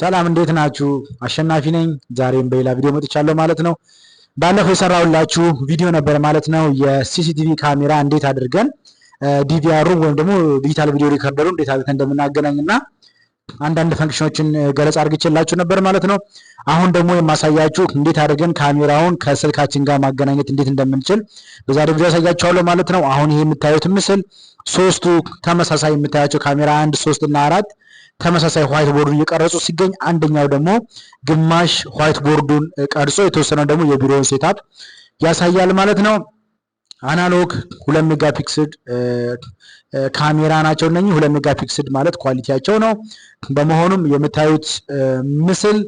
ሰላም እንዴት ናችሁ? አሸናፊ ነኝ። ዛሬም በሌላ ቪዲዮ መጥቻለሁ ማለት ነው። ባለፈው የሰራሁላችሁ ቪዲዮ ነበር ማለት ነው። የሲሲቲቪ ካሜራ እንዴት አድርገን ዲቪአሩ ወይም ደግሞ ዲጂታል ቪዲዮ ሪከርደሩ እንዴት አድርገን እንደምናገናኝ እና አንዳንድ ፈንክሽኖችን ገለጻ አድርግችላችሁ ነበር ማለት ነው። አሁን ደግሞ የማሳያችሁ እንዴት አድርገን ካሜራውን ከስልካችን ጋር ማገናኘት እንዴት እንደምንችል በዛሬ ቪዲዮ ያሳያችኋለሁ ማለት ነው። አሁን ይሄ የምታዩት ምስል ሶስቱ ተመሳሳይ የምታያቸው ካሜራ አንድ፣ ሶስት እና አራት ተመሳሳይ ዋይት ቦርዱን እየቀረጹ ሲገኝ አንደኛው ደግሞ ግማሽ ዋይት ቦርዱን ቀርጾ የተወሰነው ደግሞ የቢሮውን ሴታፕ ያሳያል ማለት ነው። አናሎግ ሁለት ሜጋ ፒክስድ ካሜራ ናቸው እነኚህ። ሁለት ሜጋ ፒክስድ ማለት ኳሊቲያቸው ነው። በመሆኑም የምታዩት ምስል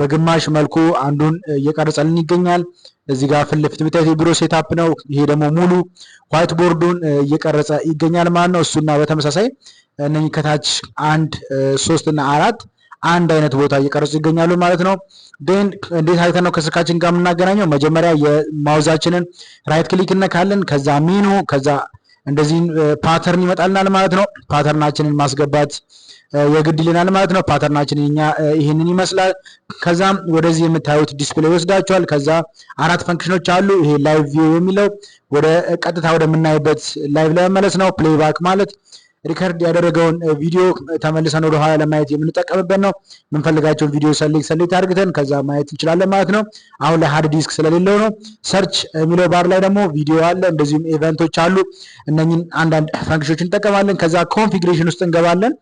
በግማሽ መልኩ አንዱን እየቀረጸልን ይገኛል። እዚህ ጋር ፊት ለፊት የምታዩት የቢሮ ሴታፕ ነው። ይሄ ደግሞ ሙሉ ዋይት ቦርዱን እየቀረጸ ይገኛል ማለት ነው። እሱና በተመሳሳይ እነኚህ ከታች አንድ ሶስት እና አራት አንድ አይነት ቦታ እየቀረጹ ይገኛሉ ማለት ነው። ን እንዴት አይተን ነው ከስልካችን ጋር የምናገናኘው? መጀመሪያ የማውዛችንን ራይት ክሊክ እነካለን። ከዛ ሚኑ ከዛ እንደዚህ ፓተርን ይመጣልናል ማለት ነው። ፓተርናችንን ማስገባት የግድ ማለት ነው። ፓተርናችን እኛ ይህንን ይመስላል። ከዛም ወደዚህ የምታዩት ዲስፕሌይ ወስዳቸዋል። ከዛ አራት ፈንክሽኖች አሉ። ይሄ ላይቭ ቪው የሚለው ወደ ቀጥታ ወደምናይበት ላይቭ ለመመለስ ነው። ፕሌይባክ ማለት ሪከርድ ያደረገውን ቪዲዮ uh, ተመልሰን ወደ ኋላ ለማየት የምንጠቀምበት ነው። የምንፈልጋቸውን ቪዲዮ ሰሌክት ሰሌክት አድርግተን ከዛ ማየት እንችላለን ማለት ነው። አሁን ላይ ሀርድ ዲስክ ስለሌለው ነው። ሰርች የሚለው ባር ላይ ደግሞ ቪዲዮ አለ፣ እንደዚሁም ኢቨንቶች አሉ። እነኝን አንዳንድ ፈንክሽኖች እንጠቀማለን። ከዛ ኮንፊግሬሽን ውስጥ እንገባለን።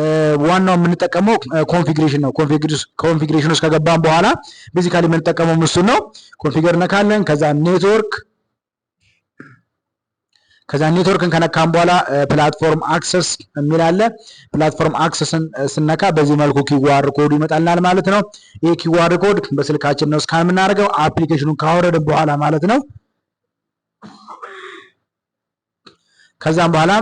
uh, ዋናው የምንጠቀመው ኮንፊግሬሽን uh, ነው። ኮንፊግሬሽን ውስጥ ከገባን በኋላ ቤዚካሊ የምንጠቀመው ምስሉ ነው። ኮንፊገር ነካለን። ከዛ ኔትወርክ ከዛ ኔትወርክን ከነካም በኋላ ፕላትፎርም አክሰስ የሚል አለ። ፕላትፎርም አክሰስን ስነካ በዚህ መልኩ ኪዋር ኮድ ይመጣልናል ማለት ነው። ይህ ኪዋር ኮድ በስልካችን ነው እስካን የምናደርገው አፕሊኬሽኑን ካወረድን በኋላ ማለት ነው። ከዛም በኋላ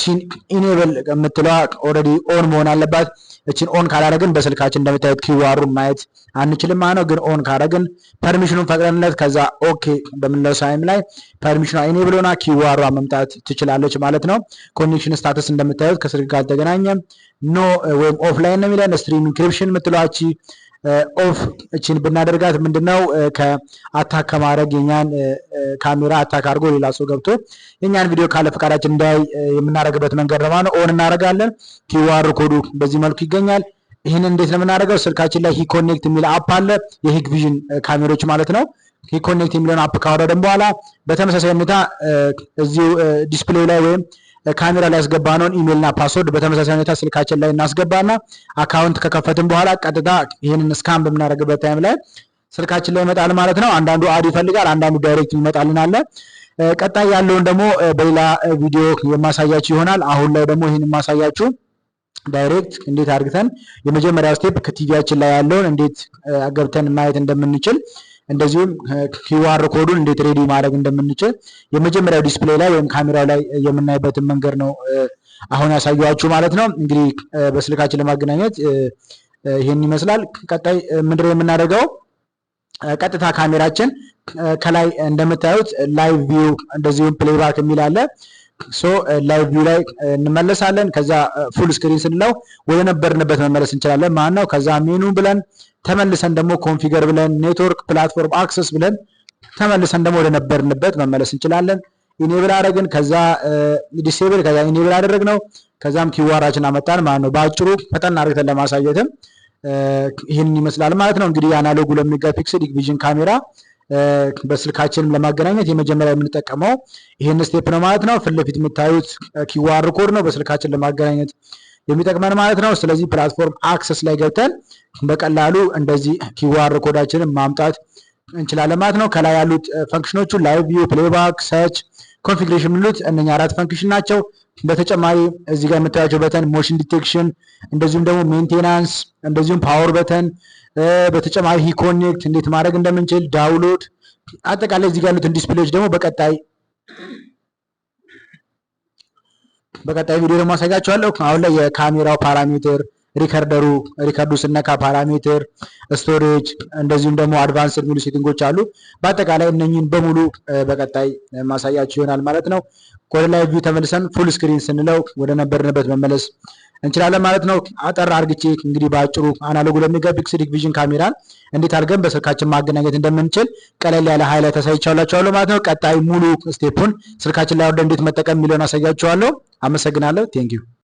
ቺን ኢኔብል የምትለዋ ኦልሬዲ ኦን መሆን አለባት። እቺን ኦን ካላረግን በስልካችን እንደምታዩት ኪዋሩን ማየት አንችልም ማለት ነው። ግን ኦን ካረግን ፐርሚሽኑን ፈቅደንለት ከዛ ኦኬ በምንለው ሳይም ላይ ፐርሚሽኗ ኢኔብል ሆና ኪዋሯ መምጣት ትችላለች ማለት ነው። ኮኔክሽን ስታትስ እንደምታዩት ከስልክ ጋር ተገናኘ ኖ ወይም ኦፍላይን ነው የሚለን ስትሪም ኢንክሪፕሽን የምትለዋ የምትለዋቺ ኦፍ እችን ብናደርጋት ምንድነው ከአታክ ከማድረግ የኛን ካሜራ አታክ አድርጎ ሌላ ሰው ገብቶ የኛን ቪዲዮ ካለ ፈቃዳችን እንዳይ የምናደርግበት መንገድ ነው ማለት ነው። ኦን እናደርጋለን። ኪዋር ኮዱ በዚህ መልኩ ይገኛል። ይህን እንዴት ነው የምናደርገው? ስልካችን ላይ ሂኮኔክት የሚል አፕ አለ። የሂግ ቪዥን ካሜሮች ማለት ነው። ሂኮኔክት የሚለውን አፕ ካወረደን በኋላ በተመሳሳይ ሁኔታ እዚሁ ዲስፕሌይ ላይ ወይም ካሜራ ላይ ያስገባነውን ኢሜልና ፓስወርድ በተመሳሳይ ሁኔታ ስልካችን ላይ እናስገባና አካውንት ከከፈትን በኋላ ቀጥታ ይህንን ስካም በምናደርግበት ታይም ላይ ስልካችን ላይ ይመጣል ማለት ነው። አንዳንዱ አድ ይፈልጋል፣ አንዳንዱ ዳይሬክት ይመጣልን አለ። ቀጣይ ያለውን ደግሞ በሌላ ቪዲዮ የማሳያችሁ ይሆናል። አሁን ላይ ደግሞ ይህን የማሳያችሁ ዳይሬክት እንዴት አድርግተን የመጀመሪያው ስቴፕ ከቲቪያችን ላይ ያለውን እንዴት ገብተን ማየት እንደምንችል እንደዚሁም ኪዋር ኮዱን እንዴት ሬዲ ማድረግ እንደምንችል የመጀመሪያው ዲስፕሌይ ላይ ወይም ካሜራው ላይ የምናይበትን መንገድ ነው አሁን ያሳየኋችሁ ማለት ነው። እንግዲህ በስልካችን ለማገናኘት ይህን ይመስላል። ቀጣይ ምንድነው የምናደርገው? ቀጥታ ካሜራችን ከላይ እንደምታዩት ላይቭ ቪው እንደዚሁም ፕሌይባክ የሚል አለ። ሶ ላይቪው ላይ እንመለሳለን። ከዛ ፉል ስክሪን ስንለው ወደ ነበርንበት መመለስ እንችላለን ማለት ነው። ከዛ ሜኑ ብለን ተመልሰን ደግሞ ኮንፊገር ብለን ኔትወርክ ፕላትፎርም አክሰስ ብለን ተመልሰን ደግሞ ወደ ነበርንበት መመለስ እንችላለን። ኢኔብል አደረግን፣ ከዛ ዲስብል፣ ከዛ ኢኔብል አደረግ ነው። ከዛም ኪዋራችን አመጣን ማለት ነው። በአጭሩ ፈጠን አድርገን ለማሳየትም ይህንን ይመስላል ማለት ነው። እንግዲህ አናሎጉ ለሚጋ ፊክስድ ቪዥን ካሜራ በስልካችንም ለማገናኘት የመጀመሪያ የምንጠቀመው ይህን ስቴፕ ነው ማለት ነው። ፊትለፊት የምታዩት ኪዋር ኮድ ነው በስልካችን ለማገናኘት የሚጠቅመን ማለት ነው። ስለዚህ ፕላትፎርም አክሰስ ላይ ገብተን በቀላሉ እንደዚህ ኪዋር ኮዳችንን ማምጣት እንችላለን ማለት ነው። ከላይ ያሉት ፈንክሽኖቹ ላይቭ ቪው፣ ፕሌባክ ሰርች ኮንፊግሬሽን የምንሉት እነኛ አራት ፈንክሽን ናቸው። በተጨማሪ እዚህ ጋር የምታያቸው በተን ሞሽን ዲቴክሽን፣ እንደዚሁም ደግሞ ሜንቴናንስ፣ እንደዚሁም ፓወር በተን፣ በተጨማሪ ሂ ኮኔክት እንዴት ማድረግ እንደምንችል ዳውንሎድ፣ አጠቃላይ እዚህ ጋር ያሉትን ዲስፕሌዎች ደግሞ በቀጣይ በቀጣይ ቪዲዮ ደግሞ አሳያቸዋለሁ። አሁን ላይ የካሜራው ፓራሜትር ሪከርደሩ ሪከርዱ ስነካ ፓራሜትር ስቶሬጅ፣ እንደዚሁም ደግሞ አድቫንስ የሚሉ ሴቲንጎች አሉ። በአጠቃላይ እነኝን በሙሉ በቀጣይ ማሳያቸው ይሆናል ማለት ነው። ወደ ላይ ቪው ተመልሰን ፉል ስክሪን ስንለው ወደ ነበርንበት መመለስ እንችላለን ማለት ነው። አጠር አርግቼ እንግዲህ በአጭሩ አናሎጉ ለሚገብ ፒክስሊክ ቪዥን ካሜራን እንዴት አድርገን በስልካችን ማገናኘት እንደምንችል ቀለል ያለ ሀይላይ ታሳይቻላችኋለሁ ማለት ነው። ቀጣይ ሙሉ ስቴፑን ስልካችን ላይ ወደ እንዴት መጠቀም የሚለውን አሳያችኋለሁ። አመሰግናለሁ። ቴንኪዩ